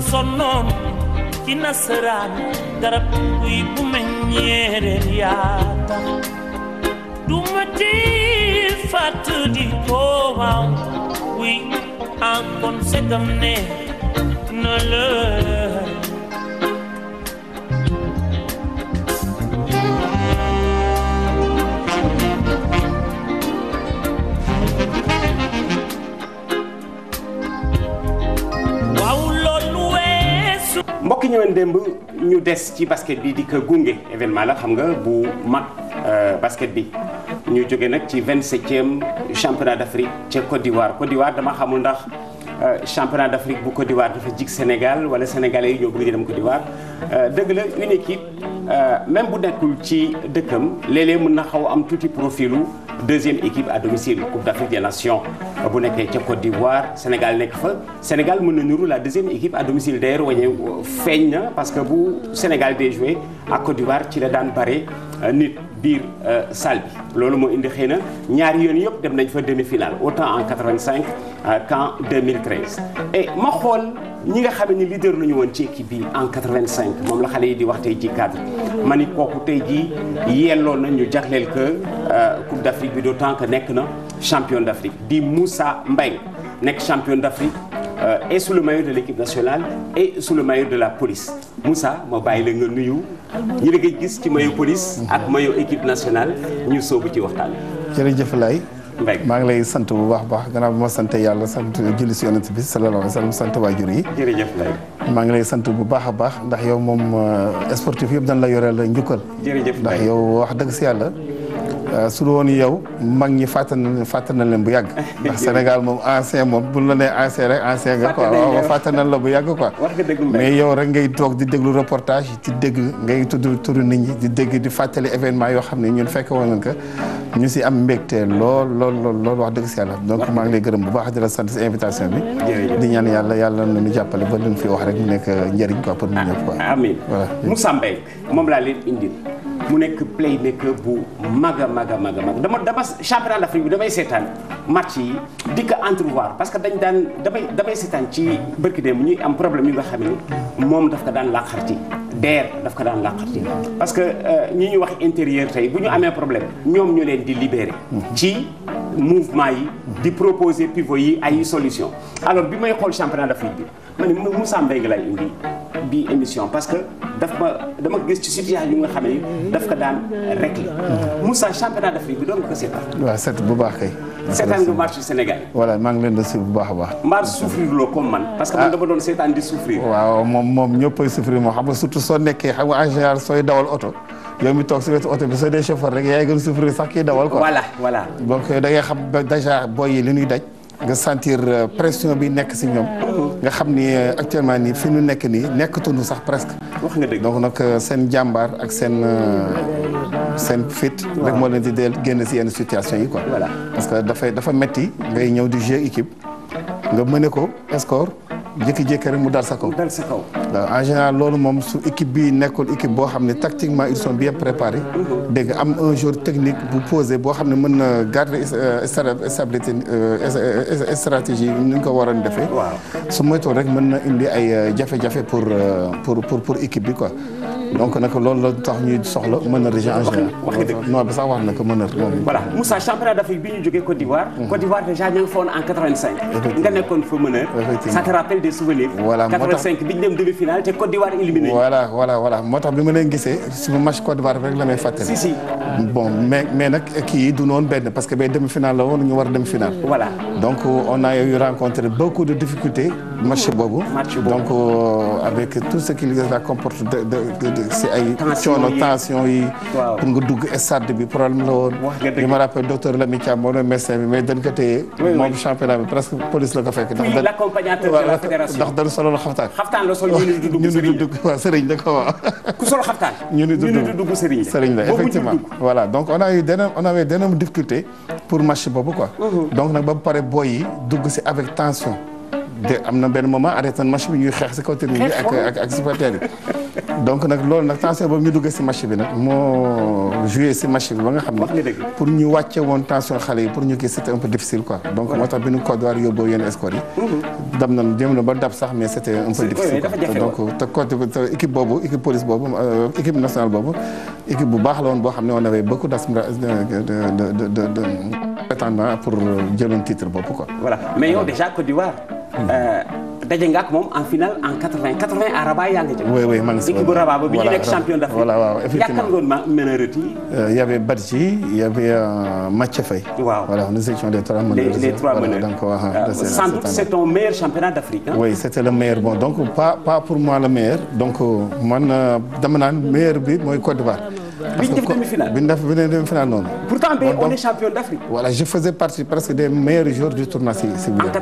soo sonnoon ci nasaraan garab guy bu meññeereen yaa du ma di fàtt di ko waaw oui en ne na la mbokki ñëween démb ñu des ci basket bi dikk gunge événement la xam nga bu mag euh, basket bi ñu jóge nag ci vingt e championnat d'Afrique ca Côte d'Ivoire Côte d'Ivoire dama xamul ndax euh, championnat d'Afrique bu Côte d'Ivoire dafa jig Sénégal wala sénégalais yi ñoo bëgg di dem Côte d'Ivoire euh, dëgg la une équipe Euh, même bu nekkul ci dëkkam léeg-léeg mën na xaw am tuuti profilu deuxième équipe à domicile Coupe d'Afrique des Nations bu nekkee ca Côte d'Ivoire Sénégal nekk fa Sénégal mën na niru la deuxième équipe à domicile d'ailleurs wañe feeñ na parce que bu Sénégal dee joué ak Côte d'Ivoire ci la daan bare euh, nit biir euh, salle bi loolu moo indi xëy na ñaar yoon yëpp dem nañ fa demi-finale autant en 85 qu'en 2013 et ma xool ñi nga xam ni leader la ñu woon ci équipe bi en 85 moom la xale yi di wax tey ji cadre ma ni kooku tey ji yelloo na ñu jagleel que euh, Coupe d'Afrique bi d'autant que nekk na champion d'Afrique di Moussa mbay nekk champion d'Afrique euh, et sous le maillot de l'équipe nationale et sous de la police Moussa ma bàyyi la nga nuyu ñi la nga gis ci maillot police ak maillot équipe nationale ñu soobu ci waxtaan jërëjëf Laye maa ngi lay sant bu baax baax gannaaw bi ma sante yàlla sant julli si yonent bi sallallahu alayhi wa sallam sant waajur yi maa ngi lay sant bu baax a baax ndax yow moom euh, sportif yëpp dañ la yoreel la jërëjëf ndax yow wax dëgg si yàlla Euh, su doon yow mag ñi fàttali na leen fàttali na bu yàgg. ndax Sénégal moom ancien moom bu la nee ancien rek ancien nga quoi waaw fàttali na la bu yàgg quoi. mais yow rek ngay toog di déglu reportage di dégg ngay tudd turu nit ñi di dégg di fàttali événement yoo xam ne ñun fekk woon nañ ko ñu si am mbégte lool lool lool wax dëgg si yàlla. donc maa ngi lay gërëm bu baax di la sant si invitation bi. di ñaan yàlla yàlla na ñu jàppale ba li fi wax rek mu nekk njëriñ quoi pour ñu ñëpp quoi. mu nekk playmaker bu mag a mag a dama dama championnat d'Afrique bi damay seetaan match yi di ko entrevoir parce que dañ daan damay damay seetaan ci bërki dem ñuy am problème yu nga xam ne moom daf ko daan làqarti deer daf ko daan làqarti parce que euh, ñi ñuy wax intérieur tey bu ñu amee problème ñoom ñu leen di libérer ci mouvement yi di proposer pivot yi ay solution alors bi may xool championnat d'Afrique bi ma ne mu Moussa lay indi bii émission parce que daf ma dama gis ci situation yu nga xam ne daf bi doon nga seetaan. waaw bu baax kay. seetaan nga match maa ngi leen di suivre bu baax a baax. mbaar souffrir loo comme man. parce que man ah. dama moom moom ñëppay souffrir moo xam nga surtout soo nekkee xam nga en général sooy dawal oto. yow mi toog si wetu oto bi soo dee chauffeur rek yaay gën souffrir sax kii dawal quoi. voilà voilà. donc da ngay xam déjà boy yi li ñuy daj. nga sentir euh, pression bi nekk si ñoom. nga xam ni euh, actuellement nii fi ñu nekk nii nekkatuñu sax presque. wax nga dëgg donc nag euh, seen jàmbaar ak seen seen fit. rek moo leen di del génn si yenn situation yi ko parce que dafay dafa metti ngay ñëw di jeu équipe nga mëne ko score. jékki-jékki mu dal sa kaw. mu dal sa kaw. en général loolu moom su équipe bi nekkoon équipe boo xam ne tactiquement ils sont bien préparés. Mhm. dégg nga am un jour technique bu posé boo xam ne mën na garder euh, stabilité euh, stratégie ni ñu ko waroon defee. waaw su moytuwul rek mën na indi ay euh, jafe-jafe pour pour pour pour équipe bi quoi. donc nag loolu la tax ñuy soxla meneur de jeu en général. wax nga dëgg sax wax na ko meneur bi ñu jógee Côte d'Ivoire. Mm. Côte d'Ivoire déjà ñu ngi foon en nga nekkoon fa meneur. ça moo tax 85 bi ñu dem demi-finale te Côte d'Ivoire éliminé. voilà moo tax bi ma leen gisee ma match Côte la may fàttali. si si bon mais mais nag kii yi du noonu benn parce que ba demi-finale la woon ñu war a demi-finale. donc euh, on a eu rencontré beaucoup de difficultés match boobu. donc euh, avec tout ce qui les comporte de. gi si ay coono tension yi pour nga dugg stade bi problème la woon li ma rappelle docteur Lamine Thiam moom mooy médecin bi mais dañ moom championnat bi presque police la ko fekk ndax ndax solo la xaftaan la sol ñu ni dugg waaw la ko waaw ku sol xaftaan ñu ni dugg sëriñ la effectivement donc on a eu d'énormes on pour match boobu quoi mm-hmm. donc nag ba pare boy dugg si avec tension de am na benn moment arrêté na match bi ñuy xeex si kaw tribune ak ak donc nag loolu nag tension boobu ñu duggee si match bi nag moo joué si match bi ba nga xam ne pour ñu wàcce woon tension xale yi pour ñu kii c'était un peu difficile quoi donc moo tax bi ñu Côte d'Ivoire yóbboo yenn score yi dam na ba dab sax mais c'était un peu difficile quoi équipe boobu équipe police boobu équipe nationale boobu équipe bu baax la woon boo xam ne on avait beaucoup d'aspirants de de de prétendants pour jëloon titre boobu quoi voilà mais Euh, daje nga ak en finale en 80 80 à Rabat yaa ngi jëm. oui oui maa bu Rabat ba bi ñu d'Afrique. voilà waaw effectivement yaakaar nga woon Menarati. Euh, y avait Badji y avait euh, Mathieu Faye. waaw voilà nous étions les trois meneurs. les trois donc waaw. sans doute championnat d'Afrique. oui c'était le meilleur bon donc pas pas pour moi le meilleur donc man dama naan meilleur bi mooy Côte d'Ivoire. biñ def demi-finale biñ def demi-finale noonu. pourtant mais on je faisais partie presque des meilleurs joueurs du tournoi si si biir.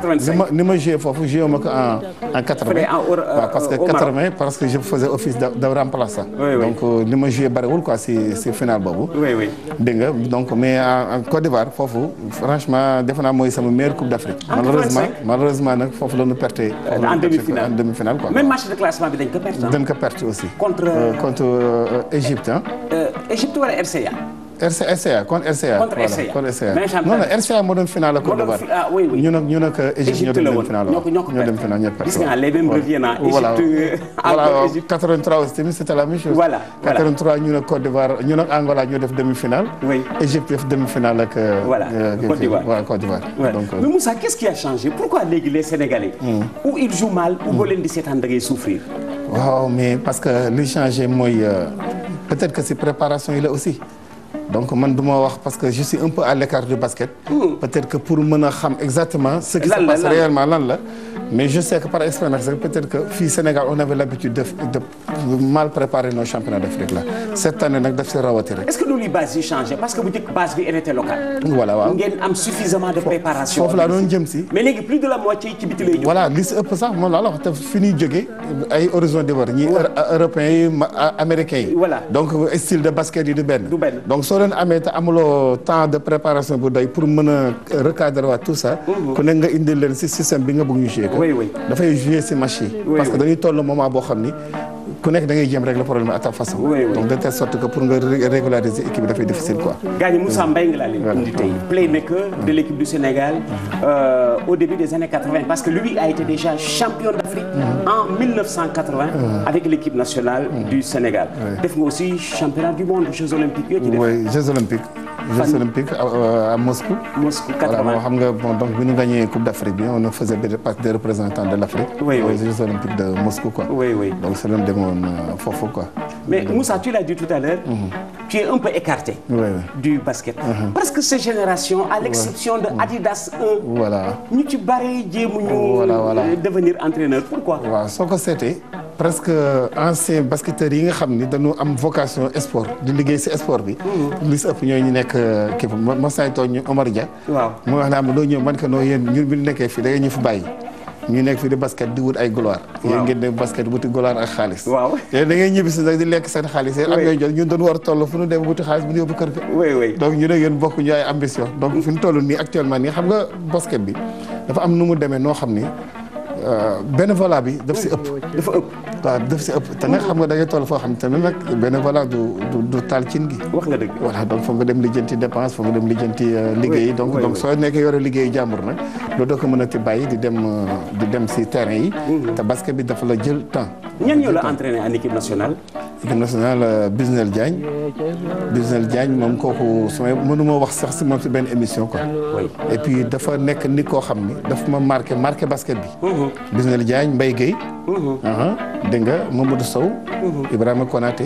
ni ma ni foofu joué ma ko en en 80. waaw parce que 80 euh, parce que je faisais office de remplaçant. donc euh, ni ma joué bariwul quoi si si finale boobu. oui nga donc mais en Côte d'Ivoire foofu franchement defe naa mooy sama meilleure coupe d'Afrique. malheureusement malheureusement nag foofu la ñu perte. en demi-finale ko perte. dañ aussi. contre euh, contre Égypte Euh, Égypte wala RCA. RC RCA contre RCA. contre RCA contre RCA. non non RCA moo doon final la Côte d'Ivoire. ah oui oui ñu ne ñu ne que Égypte ñoo dem final la ñoo ko dem final ñëpp. gis nga les mêmes reviennent ah. Égypte euh, voilà 83 aussi tamit c'était la même chose. voilà voilà 83 ñu ne Côte d'Ivoire ñu ne Angola ñoo def demi-finale. oui Égypte def demi-finale ak. Euh, voilà Côte d'Ivoire waaw Côte d'Ivoire. donc mais Moussa qu'est-ce qui a changé pourquoi léegi les Sénégalais. Hmm. ou ils jouent mal ou hmm. boo leen di seetaan da ngay souffrir. waaw mais parce que li changé mooy. peut-être que si préparation yi la aussi donc man du ma wax parce que je suis un peu à l'écart du basket. Hmm. peut-être que pour mën a xam exactement. ce qui se passe réellement lan la. mais je sais que par expérience peut-être que fii Sénégal on avait l'habitude de de mal préparer nos championnats d'Afrique là cette année nag daf si rawati est-ce que loolu base yi changé parce que bu njëkk base bi elle était locale. voilà de si. mais léegi plus de la moitié ci biti lay jóg. voilà li si ëpp sax moom laa la wax te fi ñuy jógee ay horizon di war ñi européens yi américains yi. voilà donc style de basket yi du benn. donc soo soo leen amee te amuloo temps de préparation bu day pour mën a recadrer waat tout ça. ku ne nga indi leen si système bi nga bëgg ñu jouer ko. dafay jouer si match yi. parce que dañuy toll moment boo xam ni. ku nekk da nga régulariser équipe bi dafay difficile quoi. gaañu Moussa Mbaye nga laa leen indi tey l' équipe du Sénégal euh, au début des années parce que lui a été déjà champion d' Afrique. Mm-hmm. en 1980. Mm-hmm. avec l' équipe mm-hmm. def aussi championnat du monde Jeux Olympiques yooyu ci def. oui Jeux olympiques à, euh, à Moscou. Moscou 80 voilà moo xam nga bon donc bi ñu gagné Coupe d' Afrique bi on faisait partie des représentants de l' Afrique. Jeux olympiques de Moscou euh, mais Moussa tu l' dit tout à l'heure mhm. tu es un peu écarté. du basket. Mhm. parce que ces générations à l'exception de mhm. Adidas 1. voilà ñu ci bari entraîneur pourquoi. waaw soo ko seetee. presque ancien basketteurs yi nga xam ni dañu am vocation sport di liggéey si sport bi. Mm-hmm. li si ëpp ñooy ñu nekk euh, kii ma ma saay tooñ ñu Omar waaw mu wax naa ma doo ñëw man que noo yéen ñun fi bàyyi. ñu nekk fii di basket di wut ay gloire. waaw yéen ngeen di basket wuti gloire ak xaalis. waaw yéen da ngay ñibbi si nag di lekk seen xaalis. oui am yooyu jot ñun doon war a toll fu ñu dem wuti xaalis bu ñu yóbbu kër ga. oui donc ñu ne yéen bokk ñu ay ambition. donc fi ñu toll nii actuellement nii xam nga basket bi dafa am nu mu demee noo xam ni Euh, bénévolat bi daf si ëpp. dafa ëpp waaw daf si ëpp te nag xam nga da ngay toll foo xam te ne nag bénévolat du du du taal cin gi. wax nga dëgg voilà donc foog nga dem lijjanti dépense foog nga dem lijjanti euh, liggéey. donc donc soo nekkee yore liggéey jàmbur nag doo doo ko mën a ti bàyyi di dem euh, di dem si terrain yi. Mm-hmm. te basket bi dafa la jël temps. ñan ñoo la international euh, Bisnel Diagne Bisnel Diagne moom kooku samay mënuma wax sax si moom si benn émission quoi. et puis dafa nekk nit koo xam ni daf ma marqué marqué basket bi. Bisnel Diagne Mbaye Guèye. Ah, dégg nga Mamadou Sow. Ibrahima Konaté.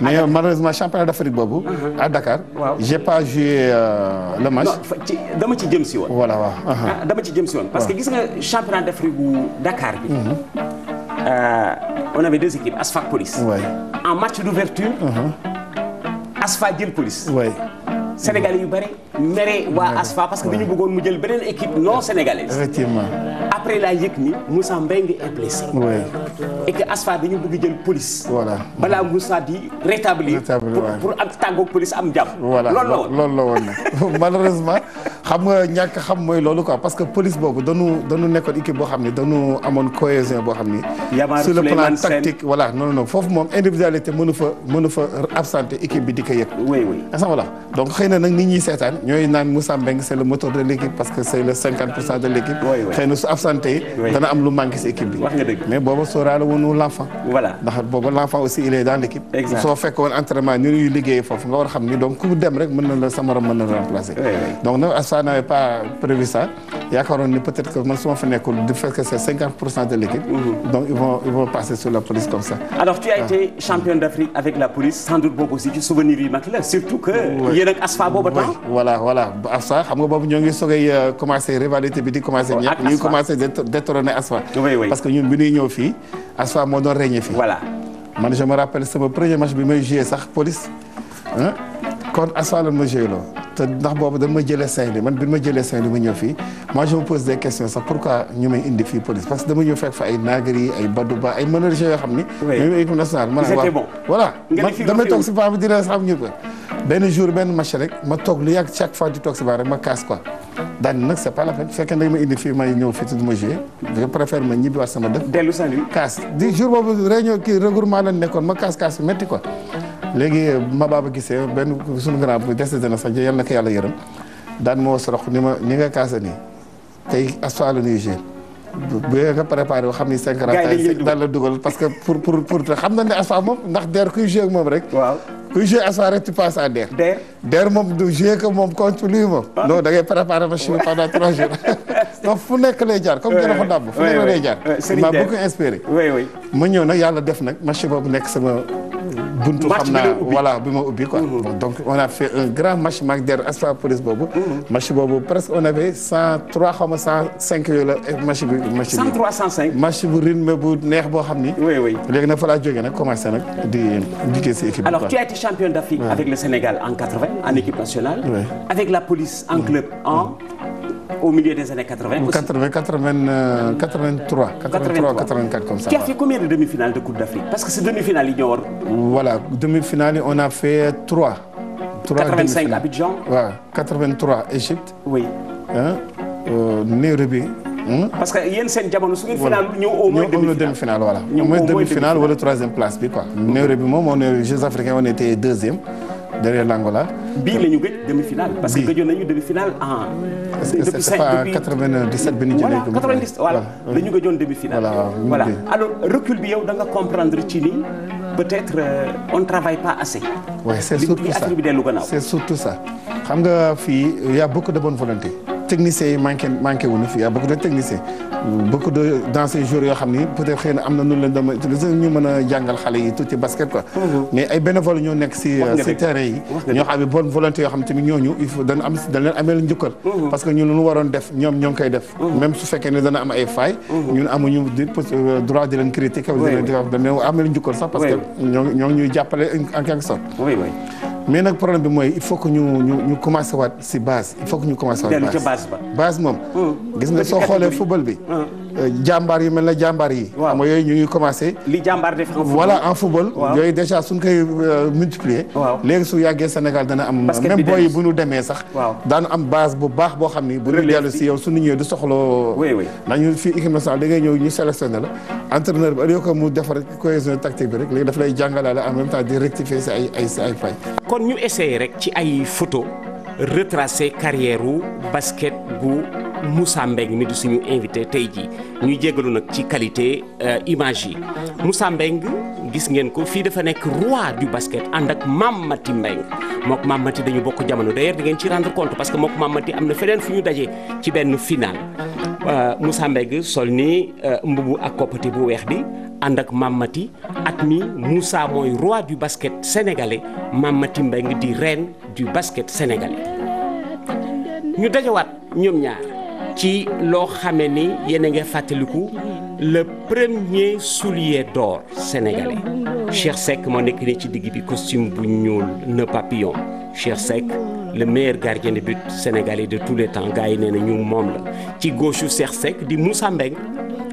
mais euh, malheureusement championnat d'Afrique boobu. Uh-huh. à Dakar. waaw j'ai pas joué euh, le match. dama ci jëm si wala wa ah, dama ci jëm si woon parce que gis nga championnat d'Afrique bu Dakar bi. Mhm. Euh, on avait deux équipes Asfac Police. en match d'ouverture Asfa jël police. Sénégalais yu bëri mere waa Asfa parce que dañu bëggoon mu jël beneen équipe non sénégalaise. après laa yëg ni Moussa Mbengue est blessé. oui et que ASFA dañu bëgg jël police. voilà balaa Moussa di rétablir. rétablir pour pour ak tàggoog police am jàmm. voilà loolu la woon loolu la woon malheureusement. xam nga ñàkk xam mooy loolu quoi parce que police boobu dañu dañu nekkoon équipe boo xam ni dañu moom individualité mënu fa mënu fa absenté équipe na nag nit ñuy seetaan naan Moussa Mbengue c'est le que c'est le cinquante pour cent de l'équipe xëy na su absenté dana am lu manqué si équipe bi wax nga dëgg mais booba sóoraale l'enfant ndax booba l'enfant aussi il est dans l'équipe soo fekk woon entraînement ni ñuy foofu nga war a xam ni donc ku dem rek mën na la sa morom mën na remplacer ça n'avait pas prévu ça yaakaaroon ni peut-être que man su ma fa nekkul du fait que de l'équipe mhm. donc ils vont passer sur la police comme ça. alors tu as ah. d'Afrique avec la police sans doute aussi ci souvenirs yu mag la surtout que. yéen ak ASFA boobu temps. voilà voilà ASFA xam nga boobu ñoo ngi soogay euh, commencé rivalité bi di commencé. ak ASFA ñu ngi commencé détrôner ASFA. parce que ñun bi ñuy ñëw fii ASFA moo doon régné je me rappelle sama premier match bi may joué sax police te ndax boobu dañ ma jëlee Saint-Louis man bi ma jëlee Saint-Louis ma ñëw fii moi je me pose des questions sax pourquoi ñu may indi fii police parce que dama ñëw fekk fa ay Nagari ay Badouba ay managers yoo xam ni. ma ne benn jour benn match rek ma toog lu yàgg chaque fois di toog si baa rek ma kaas quoi daan nag c' est pas la peine fekkee nag ma indi fii may ñëw fii du ma joué. je préfère ma ñibbiwaat sama dëkk. dellu saint kaas di jour boobu réunion kii regroupement nekkoon ma kaas kaas métti quoi. léegi ma baaba gisee benn suñu grand bu décédé na sax yal na yàlla yërëm daan moo sorox ni ma ni nga kaasa nii tey asfaalu Niger bu nga préparé yoo xam ni cinq rakaay daan la dugal parce que pour pour pour te xam na ne asfaal moom ndax der kuy joué moom rek waaw kuy joué asfaal rek tu passes der der moom du joué que moom contre lui moom ah. non da ngay machine pendant trois jours donc fu nekk lay jaar comme jëna ko ndàmb fu ma ñëw nag yàlla def nag machine boobu nekk sama buntu xam naa bi ma ubbi quoi. Mmh. donc on a fait un grand match maag der police boobu. Mmh. match boobu presque on avait cent eh, match bi. match bi cent trois cent cinq. bu rythme bu neex boo xam ni. oui oui léegi nag fa laa nag commencé nag di liggéey si équipe bi. alors tu as été champion d'Afrique avec le Sénégal en 80 équipe nationale. avec la police en club au milieu des années 80 aussi. 80, 80, 83, 83, 84 comme ça. Qui a fait combien de demi-finales de Coupe d'Afrique Parce que ces demi-finales, il y a... Voilà, demi-finale, on a fait 3. 3 85 Abidjan. Ouais, 83 Égypte. Oui. Hein, euh, Nairobi. Hein? Parce que yéen seen jamono su ngeen final ñëw au moins demi-finale voilà. au moins demi-finale wala troisième place bi quoi. Nairobi moom on est Jeux africains on était deuxième. derrière l'Angola. bii la ñu gëj demi-finale. parce que gëjoon nañu demi-finale en. est-ce que c'est pas 97 bi ñu jëlee. voilà 90 voilà la ñu demi-finale. voilà alors recul bi yow da nga comprendre ci ni peut-être euh, on ne travaille pas assez. oui c'est surtout ça xam nga fii y a beaucoup de bonne volonté. techniciens yi manqué manqué wu ñu fi y' a beaucoup de techniciens beaucoup de d'anciens joueurs yoo xam ni peut-être xëy na am na nu leen doon utiliser ñu mën a jàngal xale yi tuuti basket quoi. Mhm. mais ay bénévoles ñoo nekk si si terrain yi. ñoo xam ne bonne volonté yoo xam tamit ñooñu il faut dañ am dañ leen ameel njukkal. Mhm. parce que ñun lu ñu waroon def ñoom ñoo ngi koy def. Mhm. même su fekkee ne dana am ay failles. ñun amuñu euh, droit di leen critiquer. oui oui dañ leen ameel njukkal sax parce que ñoo ñoo ngi ñuy jàppale en quelque sorte. mais nag problème bi mooy il faut que ñu ñu ñu commencé waat si base il faut que ñu commencé waat base base moom hmm. gis nga soo xoolee football bi hmm. euh, jàmbaar yu mel na jàmbaar yi xam nga yooyu ñu ngi commencé li jàmbaar def voilà en football yooyu déjà suñ koy euh, multiplier léegi su yàggee Sénégal dana am même booy yi bu ñu demee sax daanu am base bu baax boo xam ni bu ñu dellu si yow suñu ñëwee du soxloo ndax ñu fii équipe nationale da ngay ñëw ñu sélectionné la entraîneur bi au lieu mu defar cohésion tactique bi rek léegi daf lay jàngalaale en même temps di ay ay kon ñu essayer rek ci ay photo retracer carrière wu basket bu Moussa Mbengue mi di suñu invité tey jii ñuy jégalu nag ci qualité euh, image yi Moussa Mbengue gis ngeen ko fii dafa nekk roi du basket ànd ak Mame Maty Mbengue mook Mame Maty dañu bokk jamono d'ailleurs di ngeen ci rendre compte parce que mook Mame Maty am na feneen fu ñu dajee ci benn finale Euh, Moussa Mbeg sol ni euh, mbubu ak koppati bu weex bi ànd ak Mamati at mi Moussa mooy roi du basket sénégalais Mamati Mbeng di reine du basket sénégalais ñu dajawaat ñoom ñaar ci loo xamee ni yéen a ngi fàttaliku le premier soulier d'or sénégalais Cheikh Seck moo nekk nii ci digg bi costume bu ñuul ne papillon Cheikh Seck le meilleur gardien de but sénégalais de tous les temps gars yi nee na ñu moom la ci gauche Cheikh Seck di Moussa Mbeng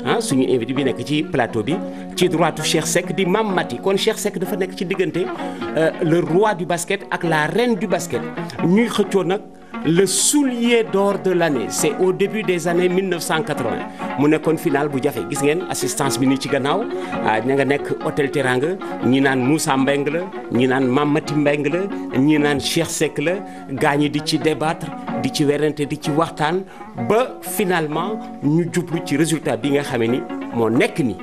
ah suñu bi nekk ci plateau bi ci droitu Cheikh Seck di Mam Mati kon Cheikh Seck dafa nekk ci diggante euh, le roi du basket ak la reine du basket ñuy xëccoo nag. le soulier d'or de l'année c'est au début des années 1980 mu nekkoon final bu jafe gis ngeen assistance bi nii ci gannaaw ah, ña nga nekk hôtel Teranga ñi naan Moussa Mbengue la ñi naan màmmati Mbengue la ñi naan Cheikh Seck la gaa di ci débattre di ci werante di ci waxtaan ba finalement ñu jublu ci résultat bi nga xamee ni moo nekk ni